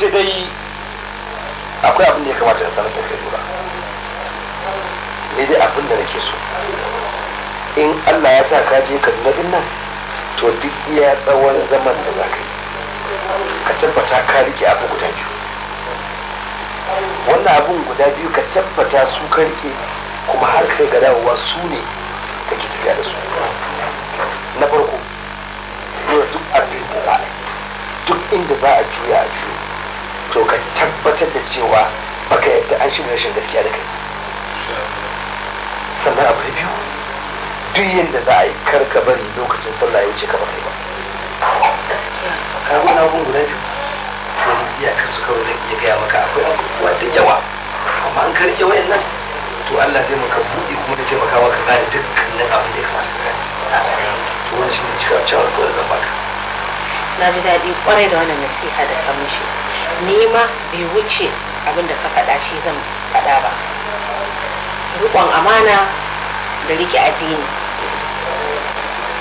sai dai akwai abin da ya kamata ya sanar da kai lura ni dai abin da nake so in allah ya sa ka je ka nuna din nan to duk iya tsawon zaman da za ka yi ka tabbata ka rike abu guda biyu wannan abin guda biyu ka tabbata su ka rike kuma har kai ga dawowa su ne ka ke tafiya da su na farko duk abin da za a duk inda za a juya a juya to ka tabbatar da cewa baka yadda an shi rashin gaskiya da kai sannan abu da biyu duk yadda za a yi karka bari lokacin sallah ya wuce ka bari ba ka gudu na gudu guda biyu iya ka su kawai zai iya gaya maka akwai abubuwa da yawa amma an karke wayan nan to Allah zai maka buɗe kuma ta taimaka maka gane dukkanin abin da ya kamata ka gane to wani shi ne cikakken cewa alƙawarin zan baka na ji daɗi kwarai da wannan nasiha da ka mishi nema bai wuce abin da ka faɗa shi zan faɗa ba rikon amana da rike addini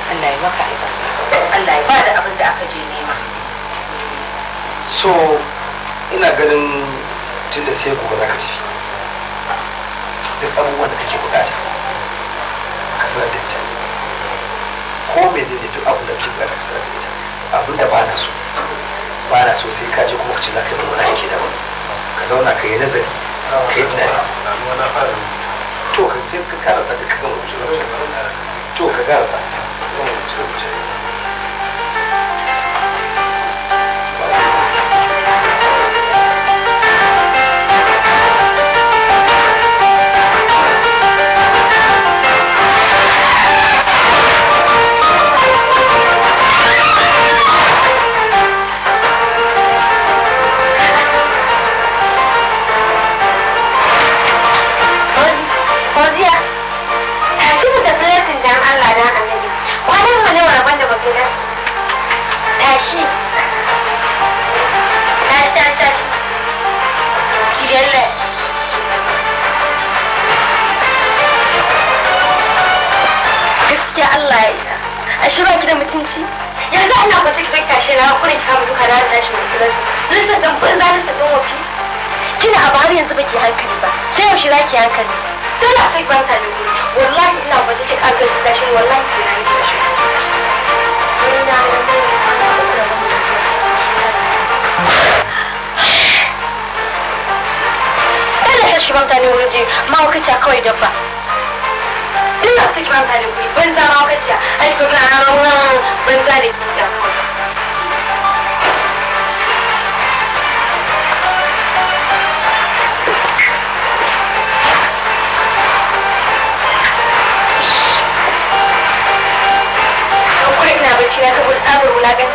Allah ya maka albarka Allah ya bada abin da aka je nema so ina ganin tun da sai gobe za ka ci duk abubuwan da kake bukata ka sanar da ko mai daidaitun abu da kake bukata ka sanar da ita abin da ba na so ba so sai ka je kuma kace ci ka yi wani aiki da ka zauna ka yi nazari ka yi tunani to ka je ka karasa ka gama rubuce to ka karasa dan Allah dan annabi kwanan mu ne rabon da bakai da tashi tashi tashi tashi jiyalle gaskiya Allah ya isa a shirya ki da mutunci yanzu ina kwace ki zaka shi na hakuri ki kama duka da tashi mai kiransa Zan san ban za ta san wafi kina abu har yanzu baki hankali ba sai yaushe za ki hankali dole a cikin hankali wallahi ina kwace duk an gani da shi wallahi ke na yi da shi Kada ta shi mutane waje ma kawai dabba. Duk na ta shi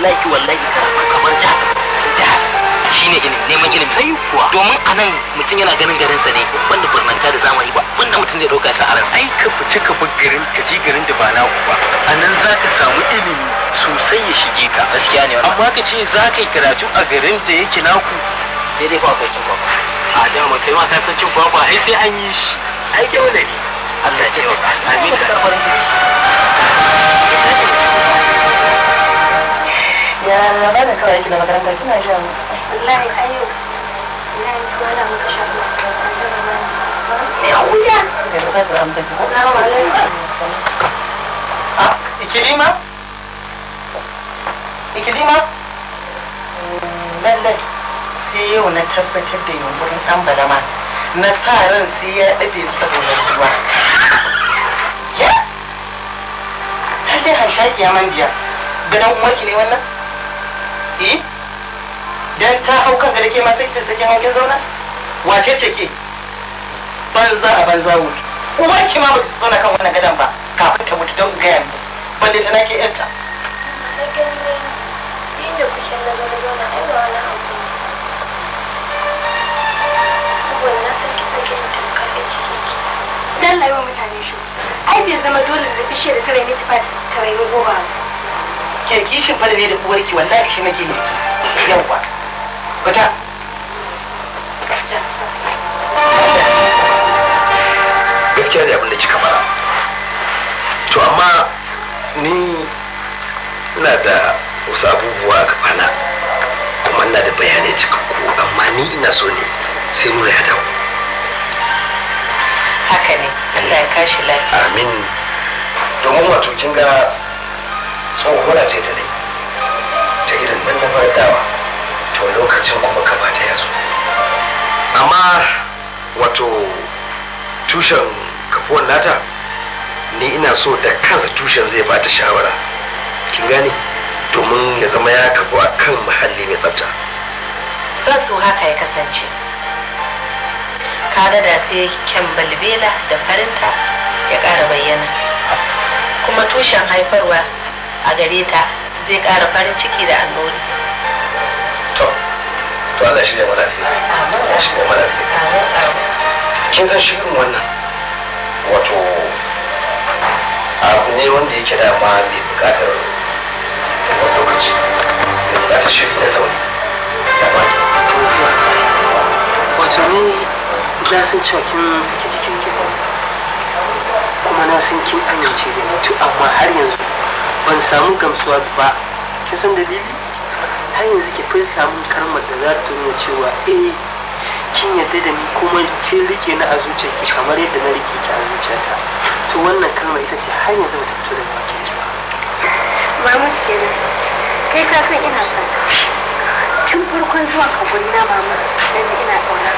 wallahi wallahi karatu kamar jihar jihar shine ilimi neman ilimi sai kuwa domin a nan mutum yana ganin garinsa ne wanda burnanta da zamani ba wanda mutum zai dauka sa a ransa ai ka fice ka bi garin ka ji garin da ba na ku ba a nan za ka samu ilimi sosai ya shige ka gaskiya ne amma ka ce za ka yi karatu a garin da yake naku sai dai ba kai kwakwa a dama kai ma ka san cin kwakwa ai sai an yi shi ai dole ne Allah ya ce wa amin da farin ciki أنا ما ذكر أنت لما كلام كنا جام والله أيوه والله ولا متشابه يا خويا السلام عليكم إكليمة إكليمة lallai sai yau na tabbatar da yunkurin ɗan balama na sa ran sai ya ɗabe saboda ruwa ya lallai hanshaƙi ya man biya ganin umarki ne wannan ke eh? dan ta hau kanka da ke masu sai sakin hankin zauna wace ce ke banza a banza wuri kuma ki ma ba su zauna kan wannan gadon ba kafin ta mutu don gaya mu balle ta nake yarta Dan laiwa mutane shi. Ai bai zama dole da bishiyar da ta rayu ta rayu goma ba. ke kishin fa da ne da uwarki wallahi shi nake yau ba fita gaskiya da abinda kika mara to amma ni ina da wasu abubuwa a kafana kuma ina da bayanai cikakku amma ni ina so ne sai nuna ya dawo haka ne Allah ya kashi lafiya amin domin wato kin ga tsohuwar ce ta dai ta irin nan na farkawa to lokacin kuma kafa ta yazo amma wato tushen kafuwan nata ni ina so da kansa tushen zai bata shawara kin gane domin ya zama ya kafu a kan muhalli mai tsafta zan so haka ya kasance kaga da sai kyan balbela da farinta ya ƙara bayyana kuma tushen haifarwa a gare ta zai ƙara farin ciki da annori to to Allah shi da malafi shi da malafi kin san shi irin wannan wato abu ne wanda yake da ma bai bukatar lokaci bai bukatar shi da zaune da ba wato ni na san cewa kin saki cikin gida kuma na san kin amince da mutu amma har yanzu ban samu gamsuwa ba kin san dalili har yanzu ki furta mun karmar da za ta nuna cewa eh kin yadda da ni kuma kin rike ni a zuciyarki kamar yadda na rike ki a zuciyata to wannan karma ita ce har yanzu ta fito da bakin ki ba ce ne kai ka san ina son ka tun farkon zuwa ka gunna ce na ji ina kauna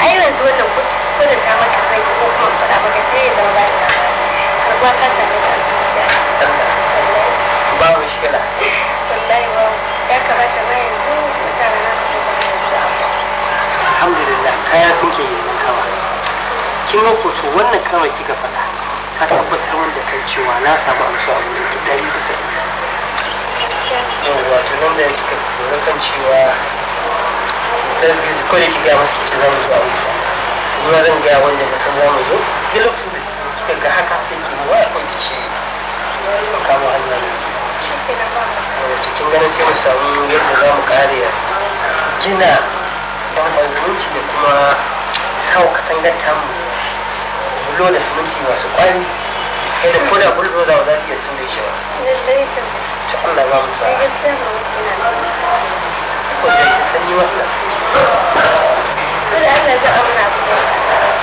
ai yanzu wannan da ta maka sai ko kuma faɗa maka sai ya zama ba ka ba ka ta zuciya ba shikila wallahi ba ya kamata ma yanzu yanzu alhamdulillah kaya sun ke yin kama kin ga wannan kama kika faɗa ka tabbatar min da cewa na samu amsa a wurin ki dari nan da kika kula kan cewa kawai masu kicin zamu zuwa wuce. zan gaya wanda ka san zamu zo. Duk lokacin da daga haka sai ki wa akwai ki ce kama hanyar cikin ganin sai mu samu yadda za mu kare gina bambam zumunci da kuma sawa katangar mu bulo da siminti masu kwari kai da koda bulbulo da za ki iya shi ba. Ta Allah ba mu sa. Ko da sanyi wannan. Tôi đã là giờ ông nào?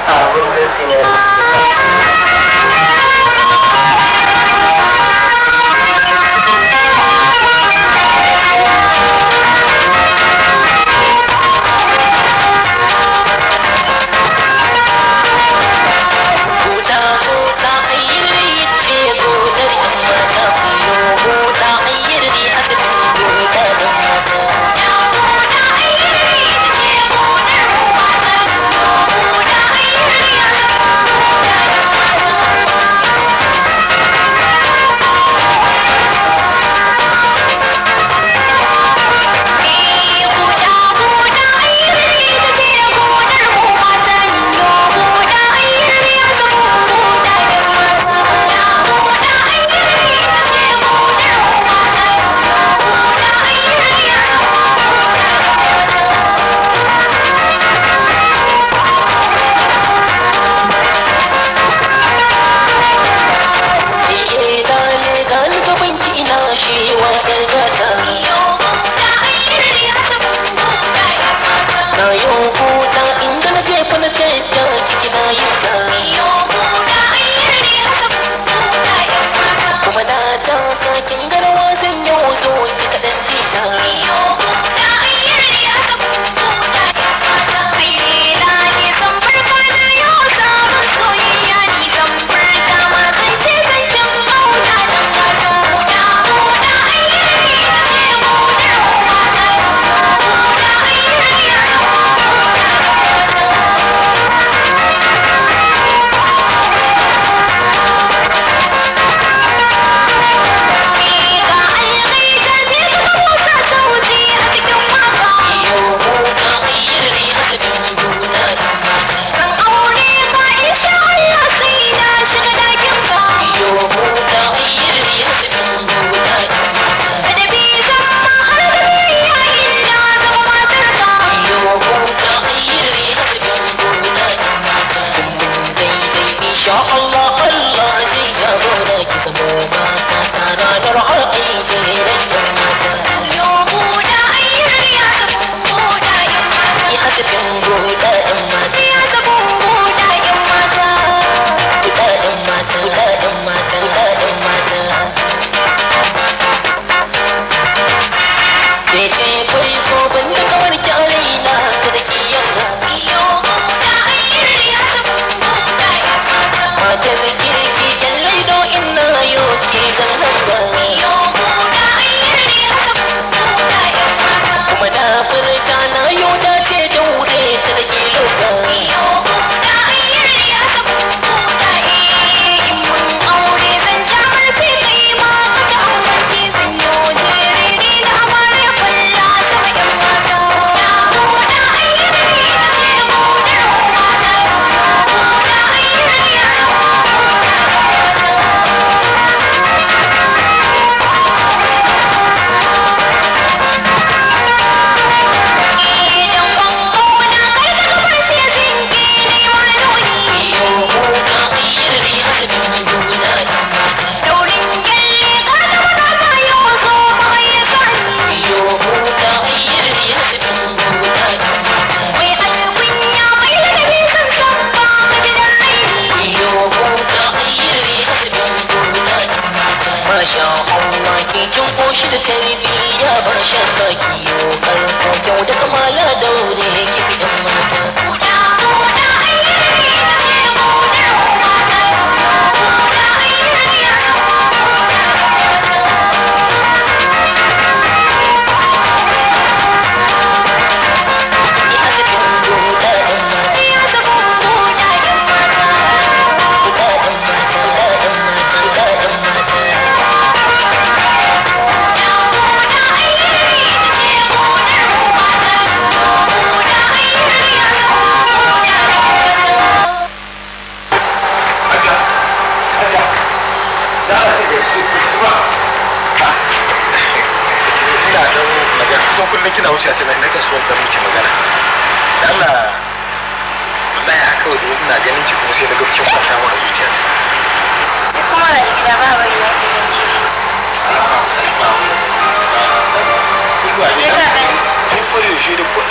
À, vâng, xin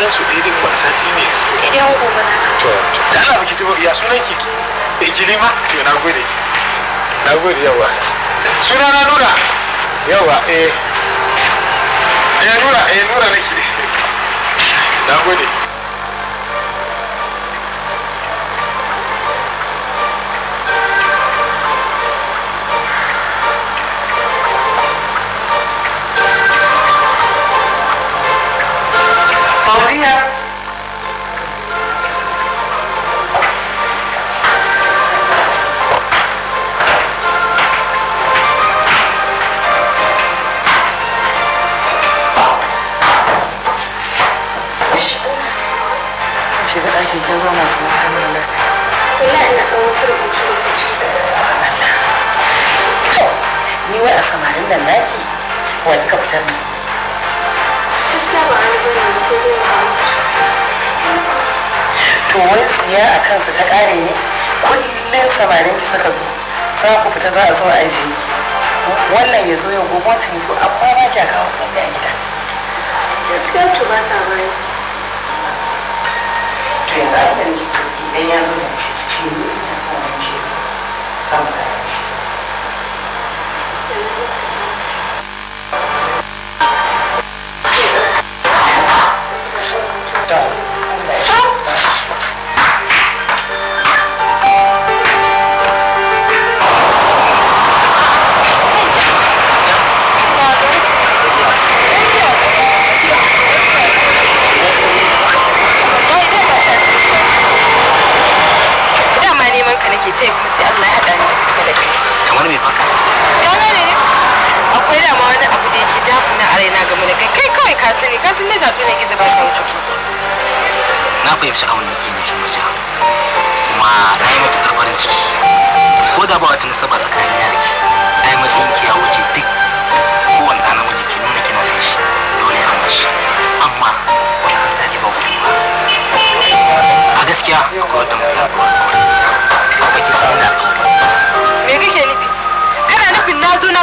gidan su ɗaya sati ne gobe na to Allah baki tuba ya sunan ki e to na gode na gode yawa suna na nura yawa eh eh nura eh nura nake na gode ɗiya a kansu ta ƙare ne kullum samarin ki suka zo za ku fita za a zo a ajiye ki wannan ya zo ya gobe wancan ya zo amma ba ki kawo kuɗi a gida gaskiya to ba sa bari to yanzu abin da ki idan ya zo fahimci abin da ke nufin wajen kuma na yi ciki ko da ba wata nasaba tsakanin da na yi matsayin ki ya wuce duk kowane ɗana nuna kina san shi dole ya amma wani hanta ne ba ba a gaskiya akwai wata mutum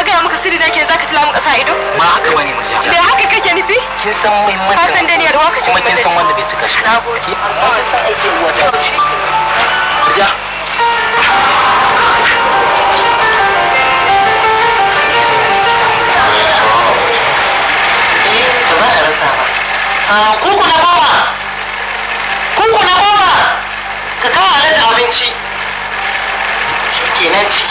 na gaya maka sirri na ke zaka tila mu kasa ido Ma haka bane mu me haka kake nufi kin san muhimmancin ka san daniyar ruwa kace kuma kin san wanda bai cika shi nagode ka eh, san aikin ah, ruwa ta ja Kuku na goma! Kuku na goma! Ka kawo a abinci! Kenan ci.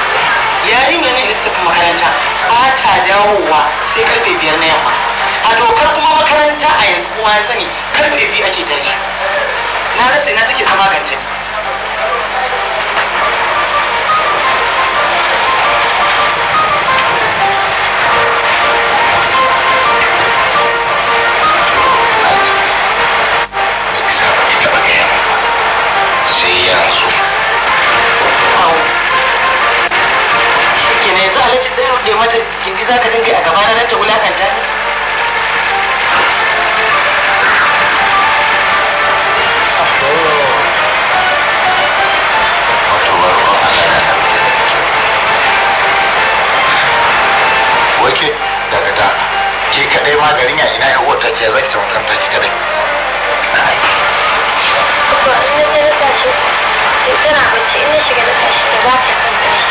yarinya ne da tafi makaranta ba ta dawowa sai karfe biyar na yamma a dokar kuma makaranta a yanzu kuma ya sani karfe biyu ake tashi na rasa ina take zama ganta sai yanzu yanzu halittar da ya rufe mata gindi za ka dinga a gaba na ta wulakanta ne wake daga da ke kadai ma garin ya ina yawon ta ke zaki samun kanta ke kadai ba in na rika shi tana bacci in na shiga da tashi da ba ta san tashi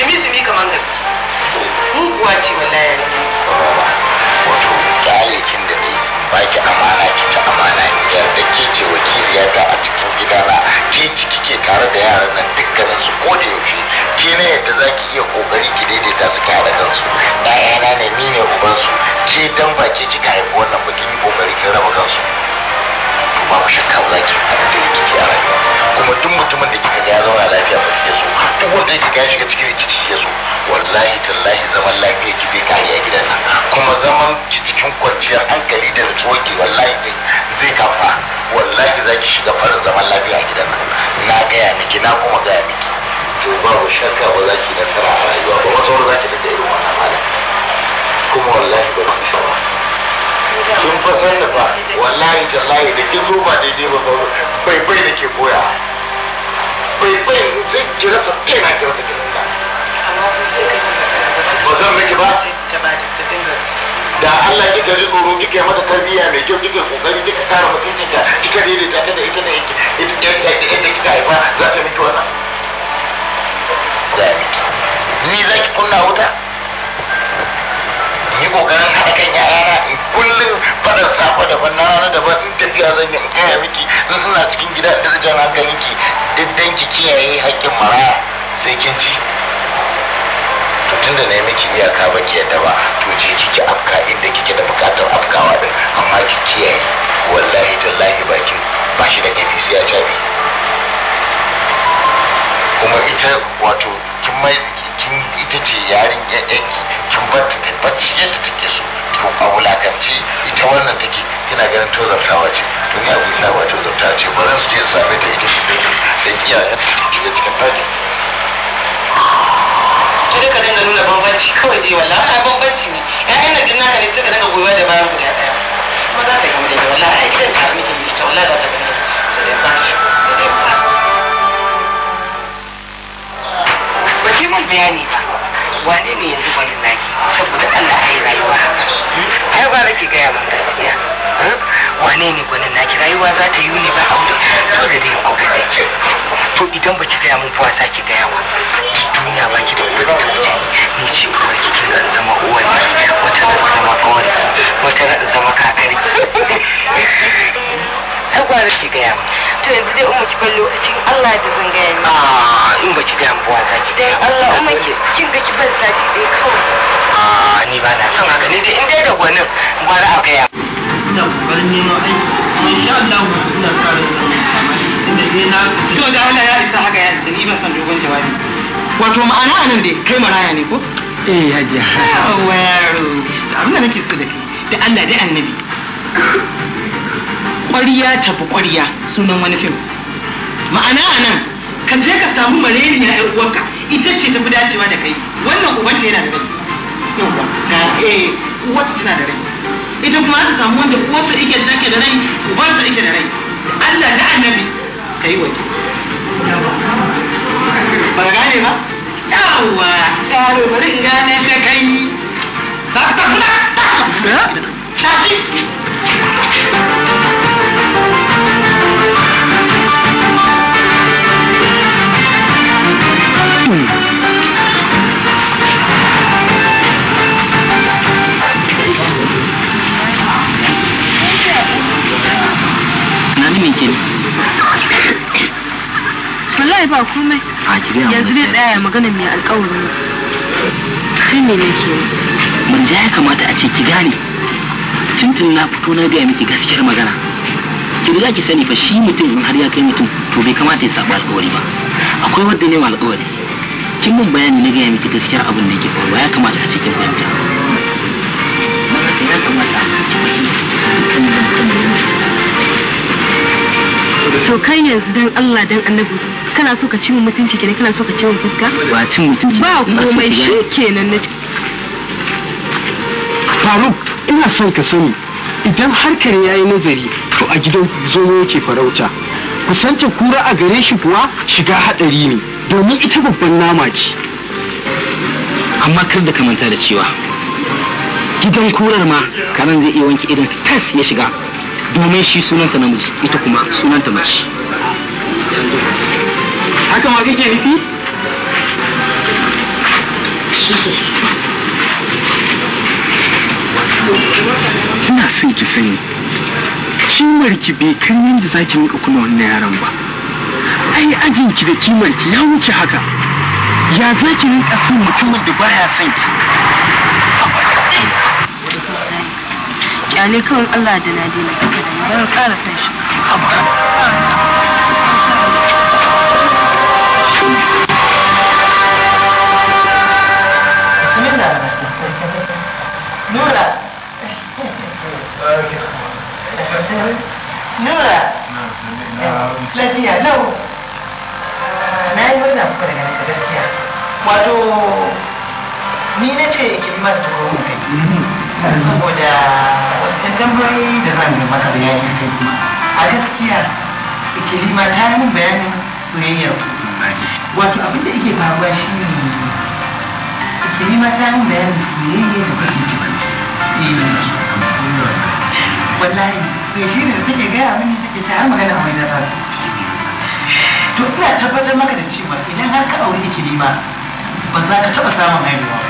sumi sumi kamar ga muguwa ce wallahi wato kyalekin da ne ba ki amana ki ci amana yadda ke ce wakiliya ta a cikin gidana ke ciki ke tare da yaran nan dukkanin su ko da yaushe ke na yadda za ki iya kokari ki daidaita su ki haɗa kansu ɗaya na ne ni ne ubansu ke dan ba ke kika haifi wannan ba ki yi kokari ki raba kansu babu shakka ba za ki haɗu da rikici a rayuwa kuma duk mutumin da kika ga ya zauna lafiya ba ya so duk wanda kika ga ya shiga cikin rikici ya so wallahi tallahi zaman lafiya ki zai kare a gidan nan kuma zaman ki cikin kwanciyar hankali da nutsuwa ki wallahi zai kafa wallahi za ki shiga farin zaman lafiya a gidan nan na gaya miki na kuma gaya miki to babu shakka ba za ki nasara a rayuwa ba wasu wani za ki dinga irin wannan halin kuma wallahi ba ku shawara sun fa sarrafa wallahi tallahi da kin ba daidai ba ba bai da ke koya bai bai sai ki rasa kira ki rasa kaina ba zan miki ba da Allah kika ji tsoro kika yi mata tarbiyya mai kyau kika kokari kika kare ka ta kika da ta da ita da ita yadda kika haifa za ta miki wannan ni za kunna wuta yi kokarin haɗa kan yayana in kullum fadar safa daban na rana daban in tafiya zan yi in kaya miki in suna cikin gida da jan hankalinki diddan ki kiyaye haƙƙin maraya sai kin ci to tunda na yi miki iyaka ba ki yadda ba to je kiki afka inda kike da bukatar afkawa din amma ki kiyaye wallahi tallahi baki ba shi da ƙarfi sai ya ci kuma ita wato kin mai kin ita ce yarin yanki kin batta ta bacci yadda take so to a wulakance ita wannan take kina ganin tozartawa ce to ni abu ina ba tozartawa ce ba zan su je same ta ita ce da iyayen ta shiga cikin daji sai ka dinga nuna bambanci kawai dai wallahi ai bambanci ne ƴaƴan da dinna ka ne sai dinga goyon da bayan guda ɗaya kuma za ta gama da wallahi ai gidan ka miki ne ta wallahi za ta gama sai dai ba sai dai ba ki mun bayani ba wane ne yanzu wani naki saboda Allah ai rayuwa ai ba nake gaya ma gaskiya wane ne gwanin naki rayuwa za ta yi ne ba aure da dai ko da ke to idan ba ki gaya mun ba za ki gaya wa duniya ba ki da wani ta wuce ni ce uwar ki kin zan zama ne wata zan zama kawai wata zan zama kakari ai gwara ki gaya to yanzu umma ban lokacin Allah da zan gaya ne. ah in baki gaya mu wata ki dai Allah umma ki kin ga ki ban sati dai kawai ah ni ba na son haka ni dai in dai da gwanin gwara a gaya da bari neman aiki insha Allah kare inda na to da Allah ya isa haka ya ni ba san dogon jawabi wato ma'ana anan dai kai maraya ne ko eh hajiya yaro abin da nake so da kai da Allah dai annabi kwariya tafi kwariya sunan wani fim ma'ana a nan ka je ka samu malaria yan uwanka ita ce tafi dacewa da kai wannan uwan da yana da rai yauwa ga eh ta tana da rai ita kuma ta samu wanda uwarsa ike da take da rai ike da rai Allah da annabi kai waje ba gane ba bari gane ka kai ta ta ta ta ta ta wallahi ba komai yanzu ne daya magana mai alƙawari shi ne nake murja ya kamata a ce ki gane tuntun na fito na gaya miki gaskiyar magana ki riga ki sani fa shi mutum in har ya kai mutum to bai kamata ya saba alƙawari ba akwai wanda ne alƙawari kin mun bayani na gaya miki gaskiyar abin da yake faruwa ya kamata a ce kin fahimta ya kamata a ce kin fahimta to kai ne dan Allah dan annabi kana so ka ci mu mutunci kenan kana so ka ci mu fuska ba cin mutunci ba komai shi kenan na Faruk ina son ka sani idan harkar yayi nazari to a gidan zomo yake farauta kusancin kura a gare shi kuwa shiga hadari ne domin ita babban nama ce amma kar da ka manta da cewa gidan kurar ma karan zai iya wanke idan tas ya shiga domin shi sunanta namiji ita kuma sunanta mace haka ma kake nufi ina son ki sani kimar ki bai kan yadda za ki mika kuna wannan yaran ba ai ajin ki da kimar ki ya wuce haka ya za ki rinka son mutumin da baya son ki kyale kawai Allah da na dina Royal Station. Na yi wannan kuka daga ni na ce ki mata saboda wasu tambayoyi da zan yi maka bayani kai kuma a gaskiya ikilima ta yi min bayanin soyayyar wato abin da yake faruwa shi ne ikilima ta yi min bayanin soyayyar da kake ciki eh, wallahi to shi ne da take gaya mini take ta magana a wajen rasu to ina tabbatar maka da cewa idan har ka aure ikilima ba za ka taɓa samun haihuwa ba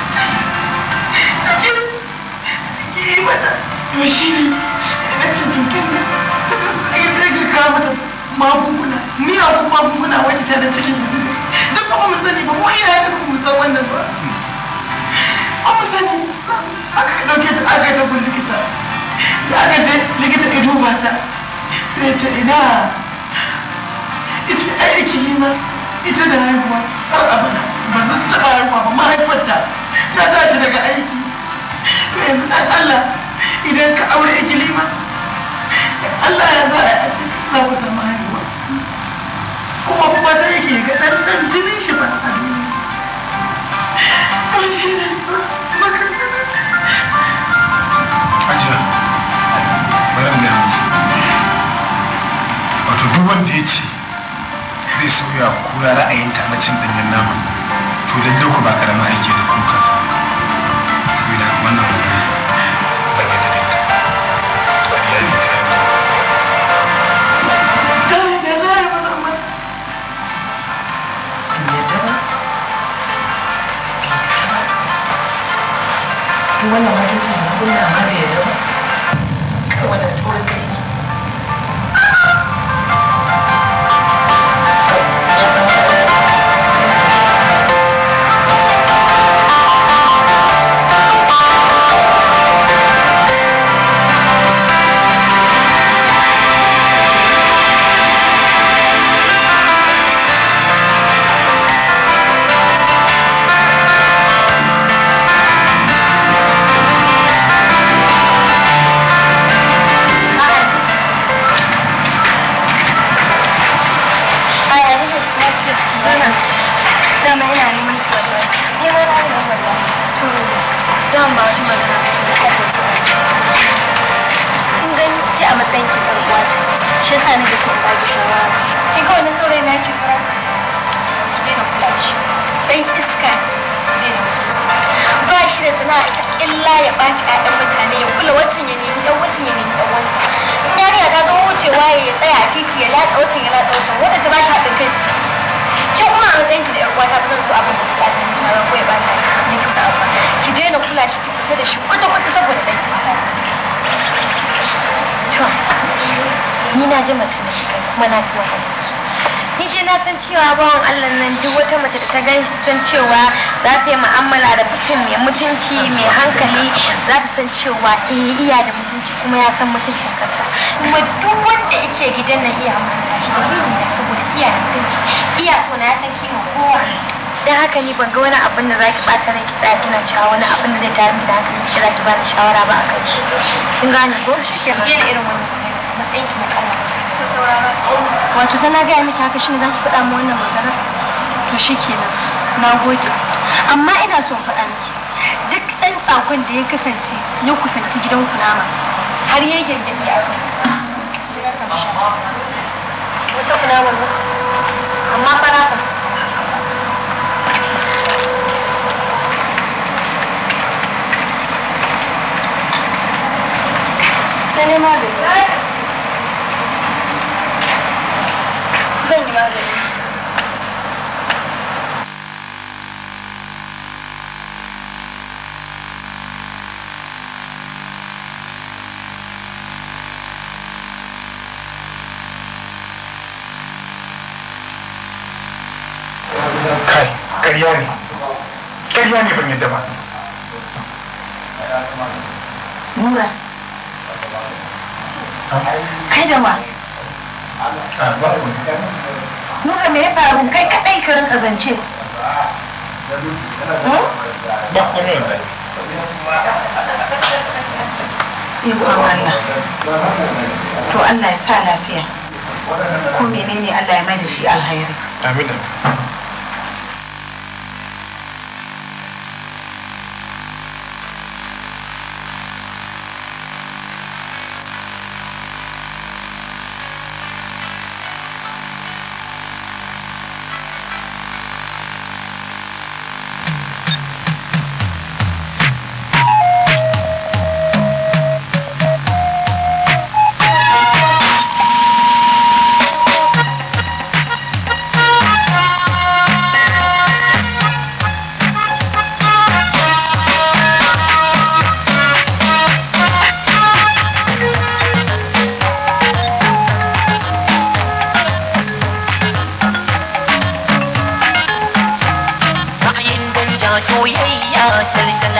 yi mata to shi ne na cikin nan ai ta ga ka mata magunguna miyagun magunguna wacce ta da cikin duk ba mu sani ba mu iya da mu san wannan ba a mu sani aka dauke ta aka ta gun likita da aka je likita ya duba ta sai ya ce ina ita ai ikilima ita da haihuwa har abada ba za ta taɓa haihuwa ba mahaifarta ta tashi daga aiki yanzu dan Allah idan ka aure ikilima Allah ya za a ce za ku samu haihuwa kuma kuma da yake ga dan dan jinin shi ba a duniya Ajiya, bari mu Wato duk wanda ya ce zai sauya kura ra'ayinta na cin ɗanyen nama to lalle ku ba karama aiki da kuma kuka 我老妈就是离婚的。za ta yi mu'amala da mutum mai mutunci mai hankali za ta san cewa eh iya da mutunci kuma ya san mutuncin kasa kuma duk wanda yake gidan na iya mutunta shi da yin da saboda iya da mutunci iya ko na san kima kowa dan haka ni ban ga wani abin da zaki bata ran ki tsaya kina cewa wani abin da zai tare da hankali ki zaki ki da shawara ba akan shi kin gane ko shi ke yana irin wani matsayin ki na kallon wato tana gaya miki haka shine zaki faɗa mu wannan magana to shikenan na gode taimakon da ya kasance ya kusanci gidan kunama har ya gyangyaɗi a wata kunamar amma faraka sai magani zan yi magani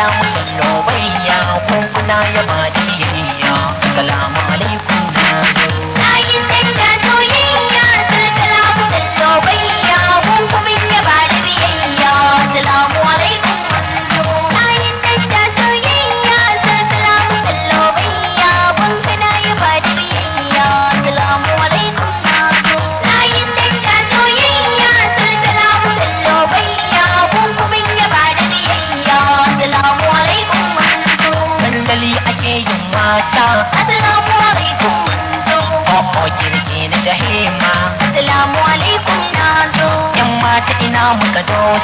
down with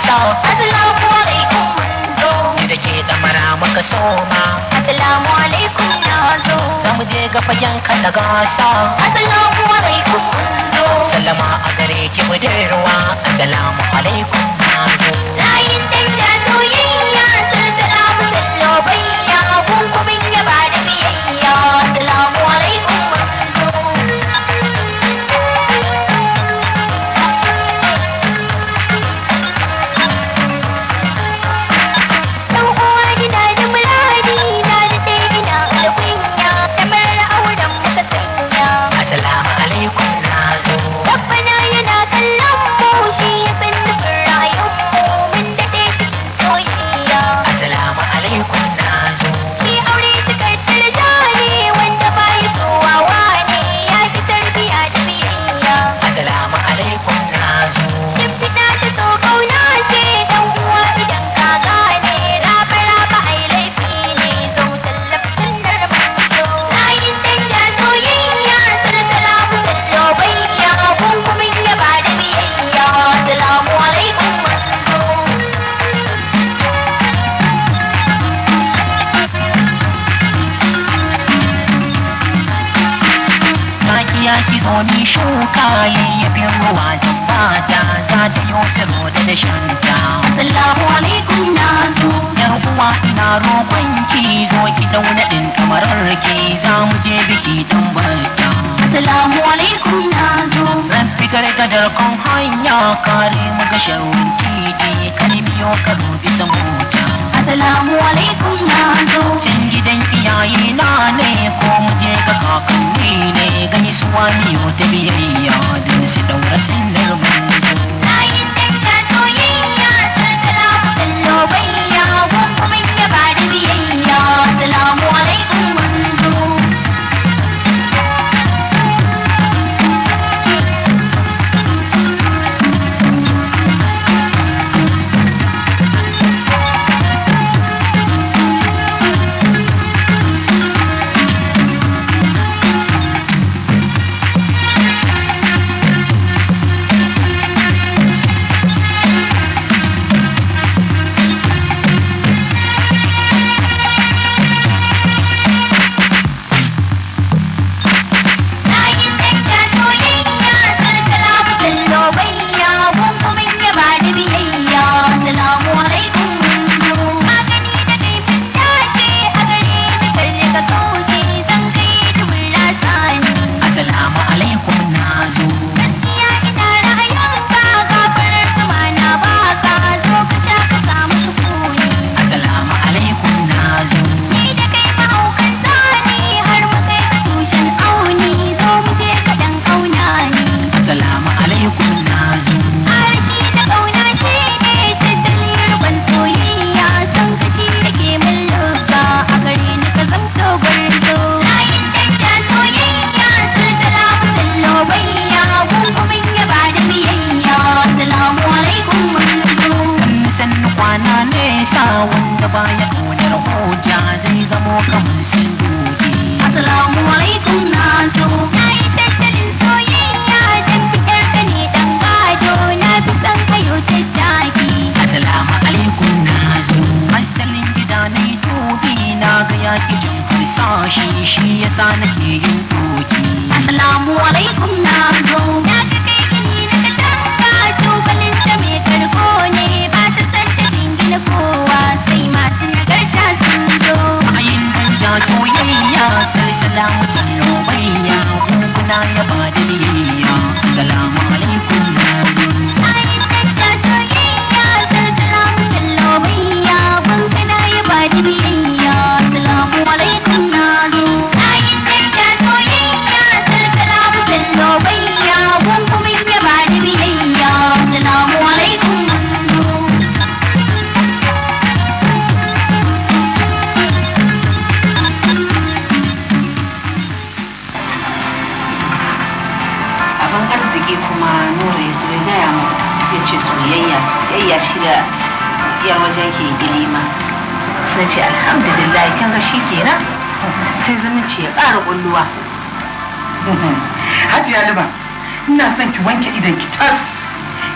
so alaikum mun zo da ke damara muka soma assalamu alaikum na zo za mu je ga fagen kada gasa alaikum mun zo sallama a gare ki mu Asalamu assalamu alaikum na zo layin da ya zo yayya salamu sallabayya kun wanke idan ki tas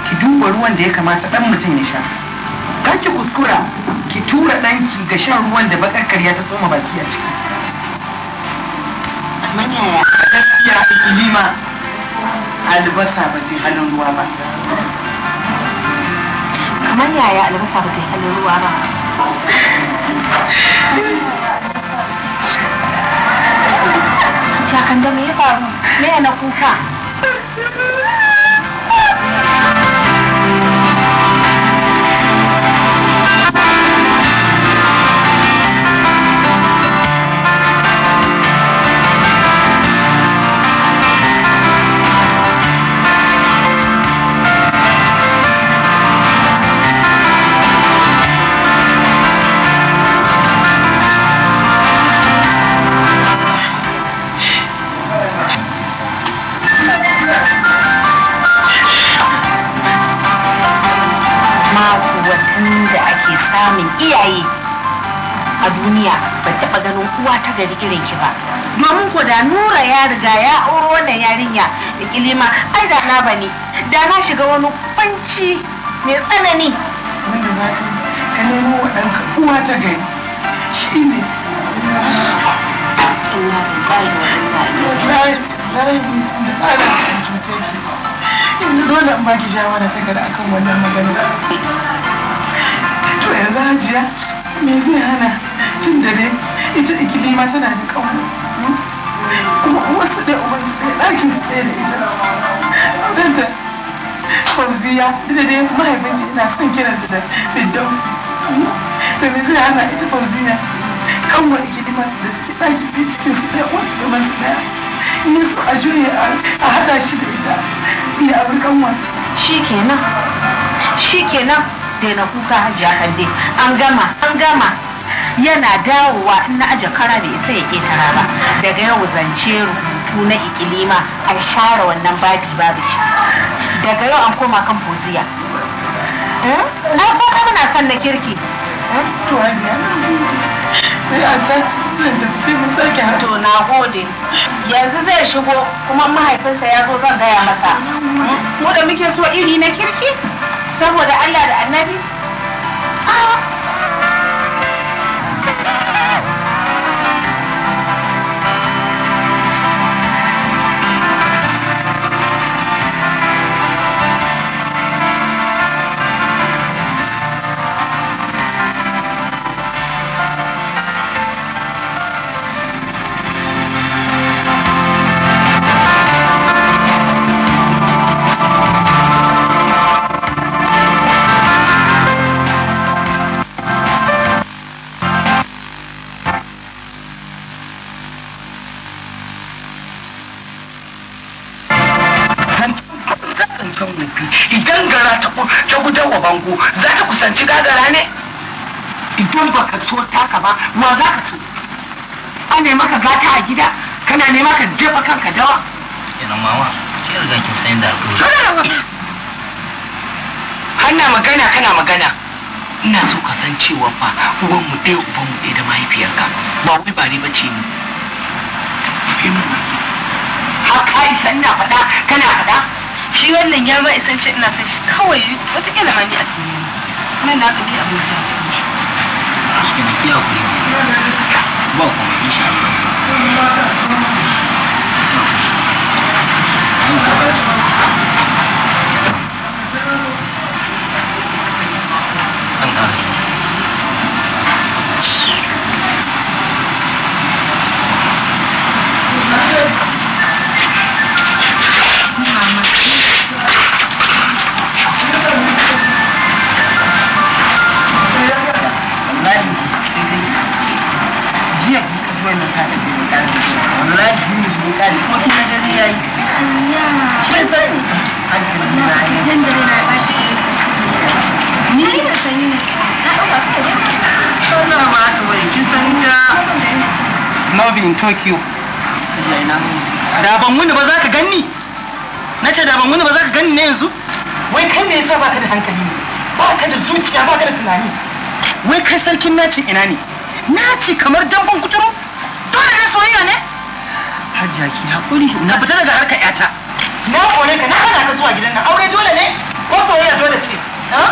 ki duba ruwan da ya kamata dan mutum ya sha ka ki kuskura ki tura ɗanki ga shan ruwan da bakar karya ta tsoma baki a ciki manya gaskiya ikilima albasa ba ce halin ruwa ba kamar yaya albasa ba ta halin ruwa ba Shakan da me ya faru? Me na kuka? uwa ta gari irin ki ba domin ko da nura ya riga ya auro wannan yarinya da kilima ai da na bane da na shiga wani kwanci mai tsanani wanda za ka ka nemo wa ɗanka uwa ta gari shi ne yanzu dole in baki shawara ta gari akan wannan magana to yanzu hajiya me zai hana cin da dai ita ikili ma tana da kawo hmm? kuma wasu ɗaya uban su ɗaya ɗakin su ɗaya da ita danta fauziya ita dai mahaifin ina son kiran da firdausi hmm? domin zai hana ita fauziya kanwa ikili ma da suke ɗaki ɗaya cikin su ɗaya wasu ɗaya masu ɗaya ni so a jure a haɗa shi da ita iya abin kanwa shi kenan shi kenan daina kuka hajiya kande an gama an gama yana dawowa in na aje kara bai isa ya ketara ba daga yau zance rubutu na ikilima an share wannan babi babu shi daga yau an koma kan poziya eh? ai ko ka muna son na kirki eh? to to na gode yanzu zai shigo kuma mahaifinsa ya zo zan gaya masa eh? mu da muke so iri na kirki saboda allah da annabi ah! bangu za ka kusanci gagara ne idan ba ka so taka ba wa za ka so a ne maka gata a gida kana ne maka jefa kanka dawa yana mawa ke riga kin san da alƙawari kana magana kana magana ina so ka san cewa fa uwan mu ɗaya uban mu ɗaya da mahaifiyarka ba wai ba ni bace ni haka isa ina faɗa kana faɗa shi wannan ya ba isance ina son shi kawai wata kila ma ni a tsaye nan da aka ni abu sa a cikin ba kuma insha Allah love in Tokyo. Da ban ba za ka ganni? Na ce da ban ba za ka gani ne yanzu? Wai kai me yasa baka da hankali ne? Baka da zuciya baka da tunani. Wai kai sarkin naci ina ne? Naci kamar damban kuturu? Dole ne soyayya ne? Hajiya ki hakuri na fita daga harkar yata. Na kore ka na hana ka zuwa gidan nan aure dole ne? Ko soyayya dole ce? Ha?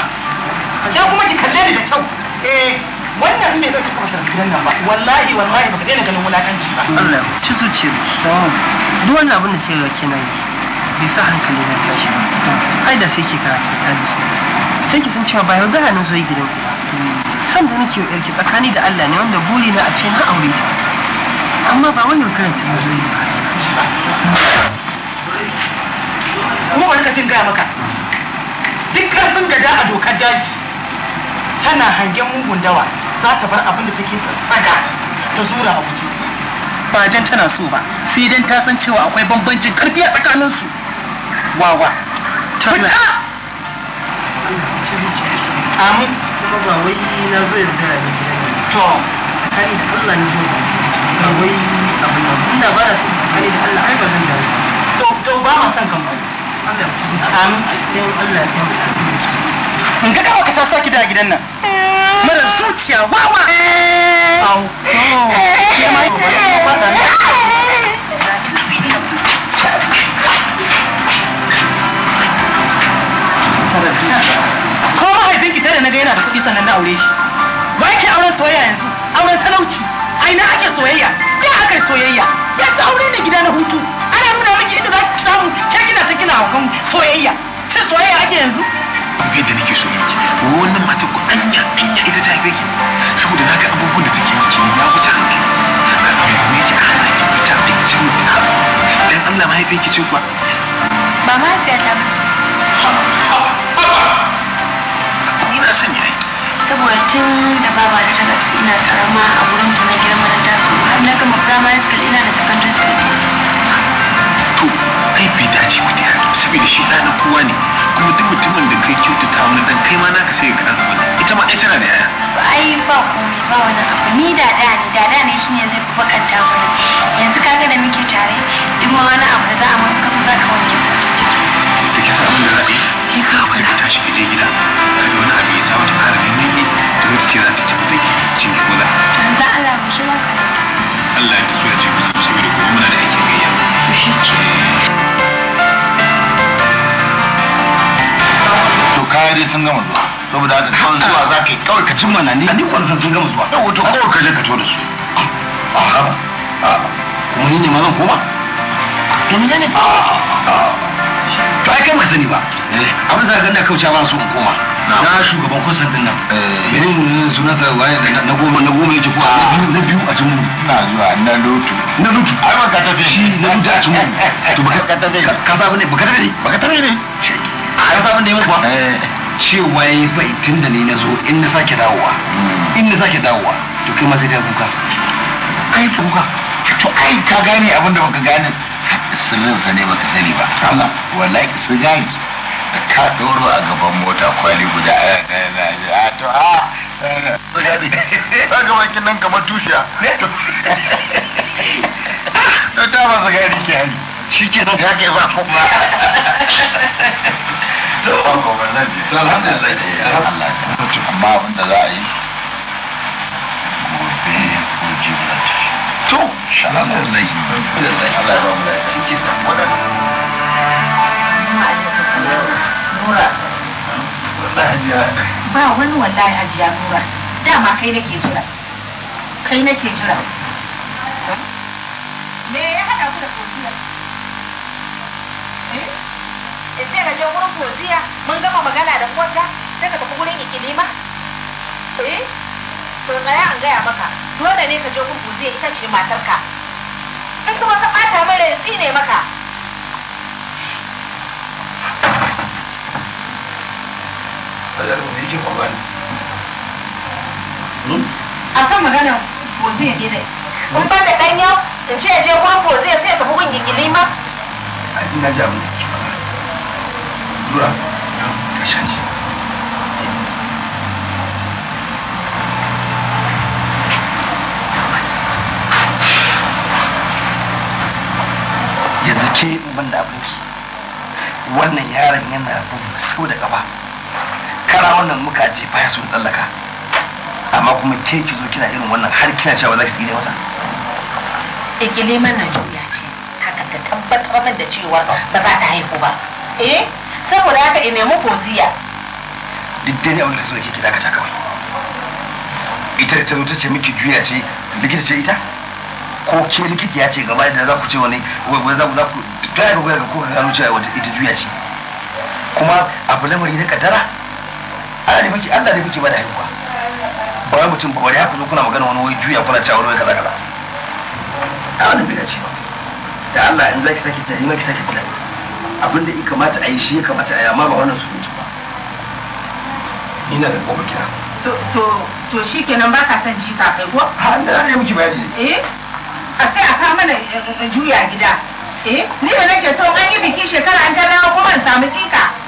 Ka kuma ki kalle ni da kyau. Eh, wannan me kake kuma shirin gidan nan ba wallahi wallahi baka daina ganin wulakanci ba Allah ci zuciyar ki duk wannan abin da kike kina yi bai sa hankali na tashi ba ai da sai ke karatu ta da su sai ki san cewa ba yarda na zo gidan ku san da nake yar ki tsakani da Allah ne wanda buri na a ce na aure ta amma ba wani karanta na zo yi ba kuma bari ka jin gaya maka duk karfin da da a dokar daji tana hangen mugun dawa za ta bar abin da take tsaga ta zura a guje ba dan tana so ba sai dan ta san cewa akwai bambancin karfi a tsakanin su wawa ta ba amu ba wai na zai da to kai Allah ne ba wai abin da inda ba da kai da Allah ai ba zan da to to ba ma san kan ba Allah ya ci amu sai Allah ya ci in ga kawai ka ta saki da gidan nan mara zuciya wawa au ya mai ba da ko mahaifin ki da na ga yana da kuɗi sannan na aure shi ba yake auren soyayya yanzu auren talauci ai na ake soyayya ya aka soyayya ya ta aure ne gida na hutu ana nuna miki inda za ki samu ke kina ta kina haukan soyayya sai soyayya ake yanzu yadda nake so miki wannan mata ku anya anya ita ta haife ki saboda na ga abubuwan da take miki ya wuce hankali na zama ne ki hana ki fita fikin ta dan Allah ma haife ki ce kuwa ba ma haifiya ta mace ina son yayi saboda tun da baba da ta gaske ina karama a wurin ta na girma na taso har na gama primary school ina da secondary school to ai bai dace ku da saboda shi ɗana kowa ne kuma duk mutumin da kai kyautata wani dan kai ma naka sai ka kara ita ma ita na da yaya ba ai ba komai ba wani abu ni da da ne da da ne shine zai bakanta mana yanzu kaga da muke tare duk ma wani abu da za a mun kafa za ka wanke da kisa abin da za a yi sai ka tashi ka je gida kaga wani abu ya jawo ta fara neman ne ta zo ta ce za ta ci da cin kula yanzu Allah mu shi ba ka Allah ya tafi ya ce ku zo saboda kuma muna da aikin gayya shi ke kaya dai sun gama zuwa saboda haka kawai zuwa za ka yi kawai ka cimma na ni ni sun gama zuwa yau wato kawai ka je ka to da su kuma ni ne ma zan koma ne ne ne a ai kai baka sani ba eh. abin da ka da kauce ma su koma na shugaban kusan din nan eh. sunan sa waye na goma na goma yake ko na biyu a cikin na zuwa na lutu na lutu ai ba ka tafi shi na lutu a cikin to ka tafi ka tafi ka tafi ne ai ba da yi kuwa cewa ya fa tun da ni na zo in na sake dawowa hmm. in na sake dawowa to kai ma sai kai kuka kai kuka to ai ka gane abin da baka gane sirrinsa ne baka sani ba Allah wallahi sigari da ta doro a gaban mota kwali guda eh, eh, a ah, to a ta gaba kin nan kamar tushiya to ta ba sigari ke shi ke nan ya ke ba kuma to ban gwamnati to alhamdulillah Allah amma abin da za a yi gobe ko jibi ta to sha'alar lai Allah ya ba mu lafiya shi ba wani wallahi hajiya nura dama kai nake jira kai nake jira me ya hada ku da kofiyar in ce na je gurin fosiya mun gama magana da uwarka sai ka tafi wurin ikilima eh to tsaya an gaya maka dole ne ka je gurin fosiya ita ce matarka in kuma ka bata mai rai ne maka Ajar mu yake kwa hmm? A kan magana fosiya ne dai. Kun ba da ɗan in ce ya je gurin fosiya sai ya tafi gurin ikilima. Ina jamu. zuwa ƙarshen yanzu ke ban da abinki wannan yaron yana gudu sau da gaba kara wannan muka je baya sun tsallaka amma kuma ke ki zo kina irin wannan har kina cewa za ki tsire masa ikiliman juya ce haka ta tabbatar da cewa ba za ta haihu ba eh saboda haka in nemi fauziya duk dai ne abin da zo ki gida ka ta kawai ita da ta zo ta ce miki juya ce likita ce ita ko ke likita ya ce gaba da za ku ce wani wani za ku za ku tana ga gwada ko ka gano cewa wata ita juya ce kuma abu lamari na kaddara Allah ne miki Allah ne miki bada haihuwa ba wai mutum ba wani ya zo kuna magana wani wai juya kuna cewa wani kaza kaza a wani bai ba da Allah in zaki saki ta yi maki saki kula abin da ya kamata a yi shi ya kamata a yi amma ba wannan su ba ina da gobe kira to to to shi kenan ba ka san jika kai ko ha na ne miki bayani eh a sai a kawo mana eh, eh, juya gida eh ni da nake to an yi biki shekara an ta kuma an samu jika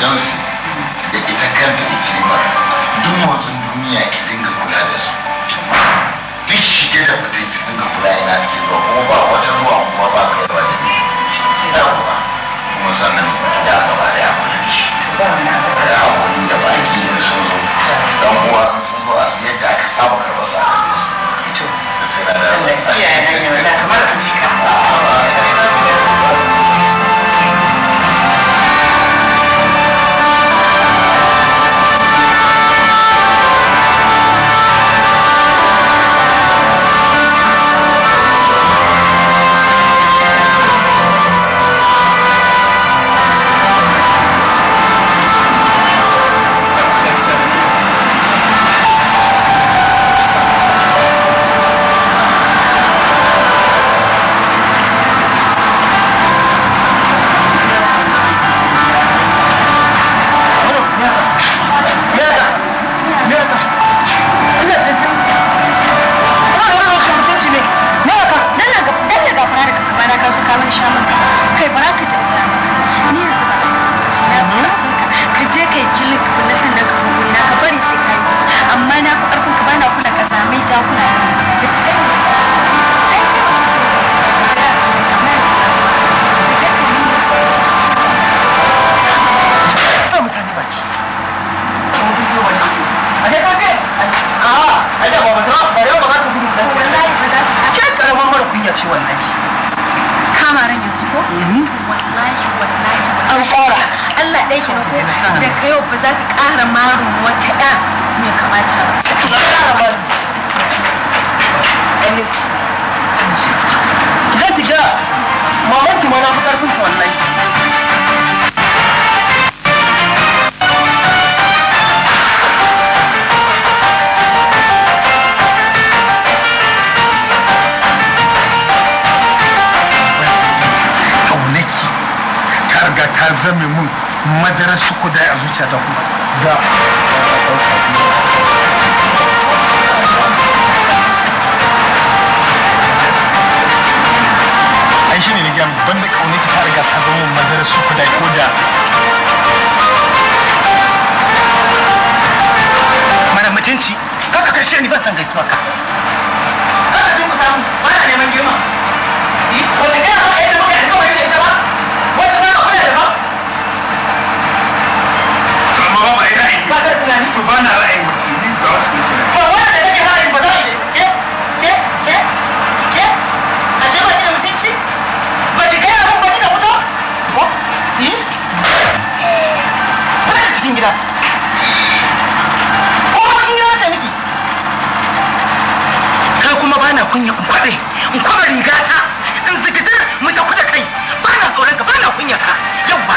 don su da ita kanta ikilima duk motsin duniya ki dinga kula da su duk shige da fita su dinga kula ina suke ba kuma ba wata ruwa kuma ba ka ba da ni yawwa kuma sannan da aka ba da yamunan shi da hakuri da baki in sun zo don uwa sun zo a siyar da aka saba karɓar sa a kan su. Sai na da. Iyayen hanyar da kamar Amurka. amaren yanzu ko mhm. wallahi wallahi an ƙara Allah ɗaya ke ko da ka yau ba za ka ƙara marun wata ɗa mai kamata za ki ga mamaki mana fi ƙarfin wallahi ta zame mun madarar dai a zuciya ta ku da ai shi ne na gyan banda kaunar ta riga ka zama mun madarar dai ko da mara mutunci kaka kashe ni ban san gaisuwa ka kaka tun ku samu ba na neman girma wanda gaya ka yadda ba ma yi ba na ni ba ba ke ke ke ke ba da mutunci ba kai ba ko ko ba na kunya rigata in ta kai ba na tsoron ka ba na kunya ka yau ba